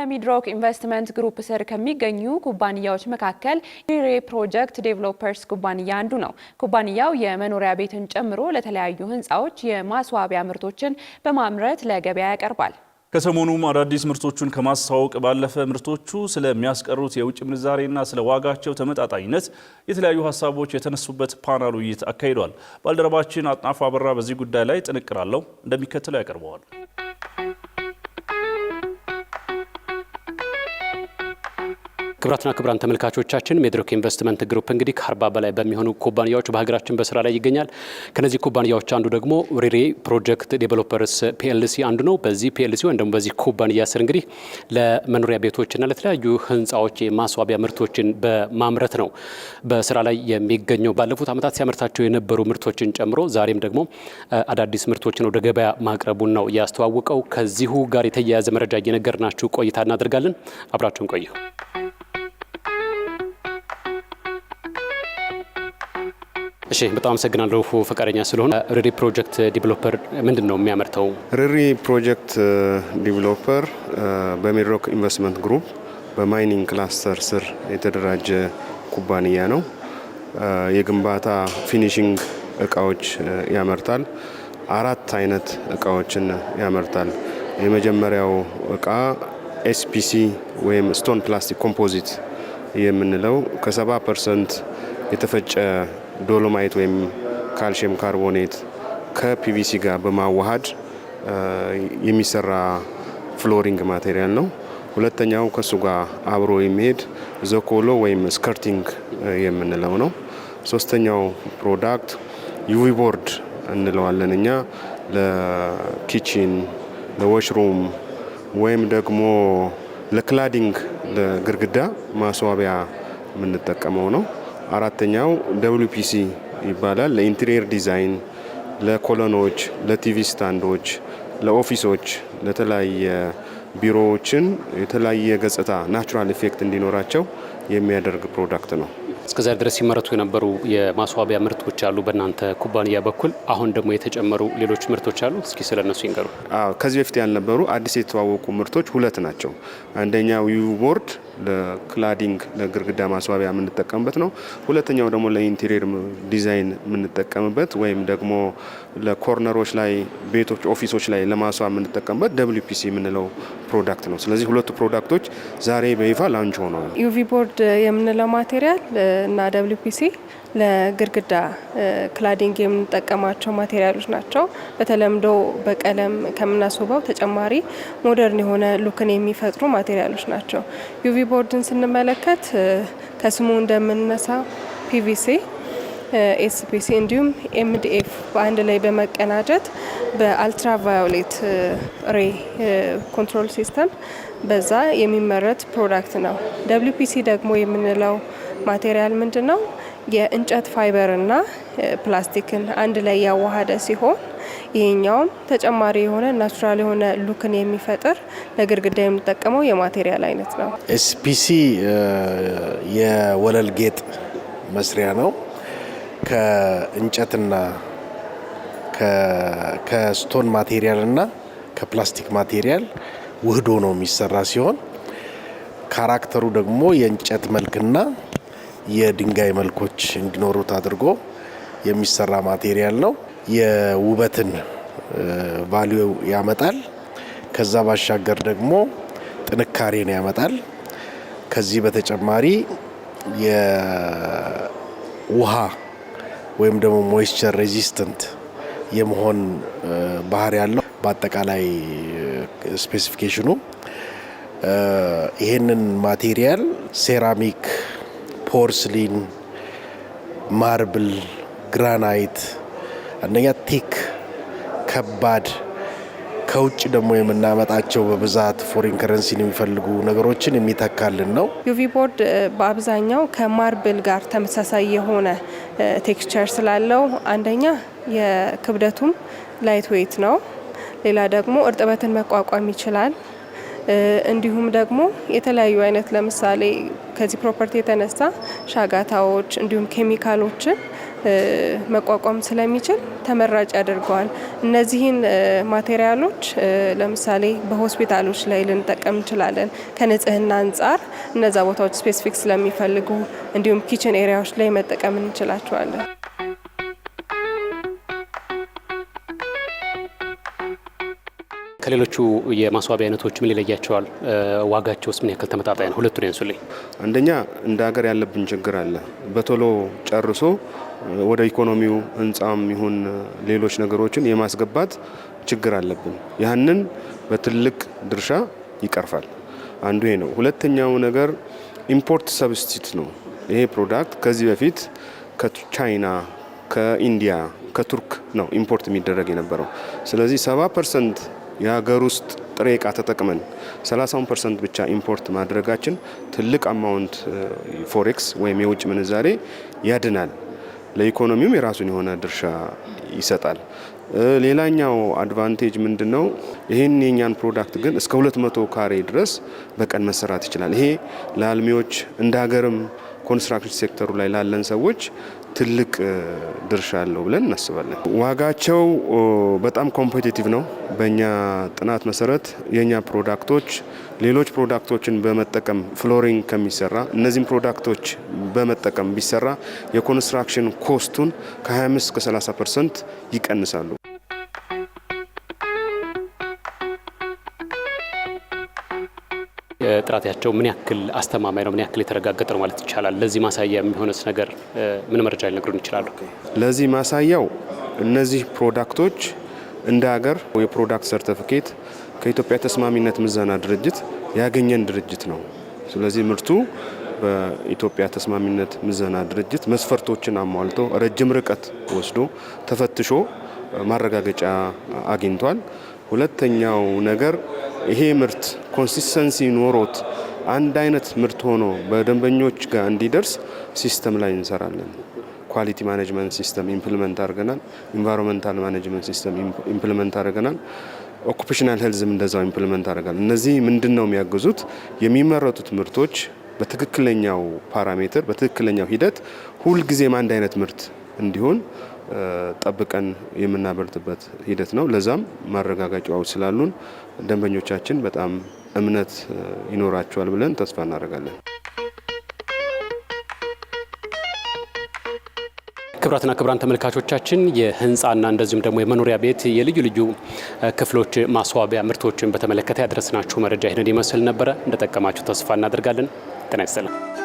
በሚድሮክ ኢንቨስትመንት ግሩፕ ስር ከሚገኙ ኩባንያዎች መካከል ሪሬ ፕሮጀክት ዴቨሎፐርስ ኩባንያ አንዱ ነው። ኩባንያው የመኖሪያ ቤትን ጨምሮ ለተለያዩ ህንፃዎች የማስዋቢያ ምርቶችን በማምረት ለገበያ ያቀርባል። ከሰሞኑም አዳዲስ ምርቶቹን ከማስተዋወቅ ባለፈ ምርቶቹ ስለሚያስቀሩት የውጭ ምንዛሬና ስለ ዋጋቸው ተመጣጣኝነት የተለያዩ ሀሳቦች የተነሱበት ፓናል ውይይት አካሂዷል። ባልደረባችን አጥናፉ አበራ በዚህ ጉዳይ ላይ ጥንቅር አለው፣ እንደሚከተለው ያቀርበዋል። ክቡራትና ክቡራን ተመልካቾቻችን ሜድሮክ ኢንቨስትመንት ግሩፕ እንግዲህ ከአርባ በላይ በሚሆኑ ኩባንያዎች በሀገራችን በስራ ላይ ይገኛል። ከነዚህ ኩባንያዎች አንዱ ደግሞ ሪሬ ፕሮጀክት ዴቨሎፐርስ ፒኤልሲ አንዱ ነው። በዚህ ፒኤልሲ ወይም ደግሞ በዚህ ኩባንያ ስር እንግዲህ ለመኖሪያ ቤቶችና ለተለያዩ ህንፃዎች የማስዋቢያ ምርቶችን በማምረት ነው በስራ ላይ የሚገኘው። ባለፉት ዓመታት ሲያመርታቸው የነበሩ ምርቶችን ጨምሮ ዛሬም ደግሞ አዳዲስ ምርቶችን ወደ ገበያ ማቅረቡን ነው ያስተዋወቀው ከዚሁ ጋር የተያያዘ መረጃ እየነገርናችሁ ቆይታ እናደርጋለን። አብራችሁን ቆዩ። እሺ፣ በጣም አመሰግናለሁ ፈቃደኛ ስለሆነ። ሪሪ ፕሮጀክት ዲቨሎፐር ምንድን ነው የሚያመርተው? ሪሪ ፕሮጀክት ዲቨሎፐር በሚድሮክ ኢንቨስትመንት ግሩፕ በማይኒንግ ክላስተር ስር የተደራጀ ኩባንያ ነው። የግንባታ ፊኒሽንግ እቃዎች ያመርታል። አራት አይነት እቃዎችን ያመርታል። የመጀመሪያው እቃ ኤስፒሲ ወይም ስቶን ፕላስቲክ ኮምፖዚት የምንለው ከ70 ፐርሰንት የተፈጨ ዶሎማይት ወይም ካልሽየም ካርቦኔት ከፒቪሲ ጋር በማዋሃድ የሚሰራ ፍሎሪንግ ማቴሪያል ነው። ሁለተኛው ከእሱ ጋር አብሮ የሚሄድ ዘኮሎ ወይም ስከርቲንግ የምንለው ነው። ሶስተኛው ፕሮዳክት ዩቪ ቦርድ እንለዋለን እኛ ለኪችን ለዎሽሩም ወይም ደግሞ ለክላዲንግ ለግርግዳ ማስዋቢያ የምንጠቀመው ነው። አራተኛው ደብሊፒሲ ይባላል። ለኢንቴሪየር ዲዛይን፣ ለኮሎኖች፣ ለቲቪ ስታንዶች፣ ለኦፊሶች፣ ለተለያየ ቢሮዎችን የተለያየ ገጽታ ናቹራል ኢፌክት እንዲኖራቸው የሚያደርግ ፕሮዳክት ነው። እስከዛ ድረስ ሲመረቱ የነበሩ የማስዋቢያ ምርት ምርቶች አሉ በእናንተ ኩባንያ በኩል አሁን ደግሞ የተጨመሩ ሌሎች ምርቶች አሉ። እስኪ ስለ እነሱ ይንገሩ። ከዚህ በፊት ያልነበሩ አዲስ የተዋወቁ ምርቶች ሁለት ናቸው። አንደኛው ዩ ቦርድ ለክላዲንግ ለግርግዳ ማስዋቢያ የምንጠቀምበት ነው። ሁለተኛው ደግሞ ለኢንቴሪየር ዲዛይን የምንጠቀምበት ወይም ደግሞ ለኮርነሮች ላይ ቤቶች፣ ኦፊሶች ላይ ለማስዋብ የምንጠቀምበት ደብሊው ፒሲ የምንለው ፕሮዳክት ነው። ስለዚህ ሁለቱ ፕሮዳክቶች ዛሬ በይፋ ላንች ሆነዋል። ዩቪ ቦርድ የምንለው ማቴሪያል እና ደብሊው ፒሲ ለግድግዳ ክላዲንግ የምንጠቀማቸው ማቴሪያሎች ናቸው። በተለምዶ በቀለም ከምናስውበው ተጨማሪ ሞደርን የሆነ ሉክን የሚፈጥሩ ማቴሪያሎች ናቸው። ዩቪ ቦርድን ስንመለከት ከስሙ እንደምንነሳ ፒቪሲ፣ ኤስፒሲ እንዲሁም ኤምዲኤፍ በአንድ ላይ በመቀናጀት በአልትራቫዮሌት ሬ ኮንትሮል ሲስተም በዛ የሚመረት ፕሮዳክት ነው። ደብሊፒሲ ደግሞ የምንለው ማቴሪያል ምንድን ነው? የእንጨት ፋይበርና ፕላስቲክን አንድ ላይ ያዋሃደ ሲሆን ይሄኛውም ተጨማሪ የሆነ ናቹራል የሆነ ሉክን የሚፈጥር ለግድግዳ የምንጠቀመው የማቴሪያል አይነት ነው። ኤስፒሲ የወለል ጌጥ መስሪያ ነው። ከእንጨትና ከስቶን ማቴሪያልና ከፕላስቲክ ማቴሪያል ውህዶ ነው የሚሰራ ሲሆን ካራክተሩ ደግሞ የእንጨት መልክና የድንጋይ መልኮች እንዲኖሩት አድርጎ የሚሰራ ማቴሪያል ነው። የውበትን ቫሊዩ ያመጣል። ከዛ ባሻገር ደግሞ ጥንካሬን ያመጣል። ከዚህ በተጨማሪ የውሃ ወይም ደግሞ ሞይስቸር ሬዚስተንት የመሆን ባህሪ ያለው በአጠቃላይ ስፔሲፊኬሽኑ ይህንን ማቴሪያል ሴራሚክ፣ ፖርስሊን፣ ማርብል፣ ግራናይት አንደኛ ቴክ ከባድ ከውጭ ደግሞ የምናመጣቸው በብዛት ፎሪን ከረንሲን የሚፈልጉ ነገሮችን የሚተካልን ነው። ዩቪ ቦርድ uh, በአብዛኛው ከማርብል ጋር ተመሳሳይ የሆነ ቴክስቸር uh, ስላለው አንደኛ የክብደቱም ላይት ዌይት ነው። ሌላ ደግሞ እርጥበትን መቋቋም ይችላል። እንዲሁም ደግሞ የተለያዩ አይነት ለምሳሌ ከዚህ ፕሮፐርቲ የተነሳ ሻጋታዎች እንዲሁም ኬሚካሎችን መቋቋም ስለሚችል ተመራጭ ያደርገዋል። እነዚህን ማቴሪያሎች ለምሳሌ በሆስፒታሎች ላይ ልንጠቀም እንችላለን። ከንጽህና አንጻር እነዛ ቦታዎች ስፔሲፊክ ስለሚፈልጉ እንዲሁም ኪችን ኤሪያዎች ላይ መጠቀም እንችላቸዋለን። ከሌሎቹ የማስዋቢያ አይነቶች ምን ይለያቸዋል? ዋጋቸውስ ምን ያክል ተመጣጣኝ ነው? ሁለቱን ያንሱልኝ። አንደኛ እንደ ሀገር ያለብን ችግር አለ። በቶሎ ጨርሶ ወደ ኢኮኖሚው ህንፃም ይሁን ሌሎች ነገሮችን የማስገባት ችግር አለብን። ያንን በትልቅ ድርሻ ይቀርፋል። አንዱ ይሄ ነው። ሁለተኛው ነገር ኢምፖርት ሰብስቲት ነው። ይሄ ፕሮዳክት ከዚህ በፊት ከቻይና፣ ከኢንዲያ፣ ከቱርክ ነው ኢምፖርት የሚደረግ የነበረው። ስለዚህ 7 ፐርሰንት የሀገር ውስጥ ጥሬ እቃ ተጠቅመን 30 ፐርሰንት ብቻ ኢምፖርት ማድረጋችን ትልቅ አማውንት ፎሬክስ ወይም የውጭ ምንዛሬ ያድናል። ለኢኮኖሚውም የራሱን የሆነ ድርሻ ይሰጣል። ሌላኛው አድቫንቴጅ ምንድን ነው? ይህን የኛን ፕሮዳክት ግን እስከ 200 ካሬ ድረስ በቀን መሰራት ይችላል። ይሄ ለአልሚዎች እንደ ሀገርም ኮንስትራክሽን ሴክተሩ ላይ ላለን ሰዎች ትልቅ ድርሻ አለው ብለን እናስባለን። ዋጋቸው በጣም ኮምፔቲቲቭ ነው። በእኛ ጥናት መሰረት የእኛ ፕሮዳክቶች ሌሎች ፕሮዳክቶችን በመጠቀም ፍሎሪንግ ከሚሰራ እነዚህም ፕሮዳክቶች በመጠቀም ቢሰራ የኮንስትራክሽን ኮስቱን ከ25 እስከ 30 ፐርሰንት ይቀንሳሉ። ጥራታቸው ምን ያክል አስተማማኝ ነው፣ ምን ያክል የተረጋገጠ ነው ማለት ይቻላል? ለዚህ ማሳያ የሚሆነስ ነገር ምን መረጃ ሊነግሩን ይችላሉ? ለዚህ ማሳያው እነዚህ ፕሮዳክቶች እንደ ሀገር የፕሮዳክት ሰርቲፊኬት ከኢትዮጵያ ተስማሚነት ምዘና ድርጅት ያገኘን ድርጅት ነው። ስለዚህ ምርቱ በኢትዮጵያ ተስማሚነት ምዘና ድርጅት መስፈርቶችን አሟልቶ ረጅም ርቀት ወስዶ ተፈትሾ ማረጋገጫ አግኝቷል። ሁለተኛው ነገር ይሄ ምርት ኮንሲስተንሲ ኖሮት አንድ አይነት ምርት ሆኖ በደንበኞች ጋር እንዲደርስ ሲስተም ላይ እንሰራለን። ኳሊቲ ማኔጅመንት ሲስተም ኢምፕልመንት አድርገናል። ኢንቫይሮንመንታል ማኔጅመንት ሲስተም ኢምፕልመንት አድርገናል። ኦኩፔሽናል ሄልዝም እንደዛው ኢምፕልመንት አድርጋል። እነዚህ ምንድን ነው የሚያግዙት የሚመረጡት ምርቶች በትክክለኛው ፓራሜትር በትክክለኛው ሂደት ሁልጊዜም አንድ አይነት ምርት እንዲሆን ጠብቀን የምናበርትበት ሂደት ነው። ለዛም ማረጋገጫዎች ስላሉን ደንበኞቻችን በጣም እምነት ይኖራቸዋል ብለን ተስፋ እናደርጋለን። ክብራትና ክብራን ተመልካቾቻችን የህንፃና እንደዚሁም ደግሞ የመኖሪያ ቤት የልዩ ልዩ ክፍሎች ማስዋቢያ ምርቶችን በተመለከተ ያደረስናችሁ መረጃ ይህንን ይመስል ነበረ። እንደጠቀማችሁ ተስፋ እናደርጋለን። ጤና ይስጥልን።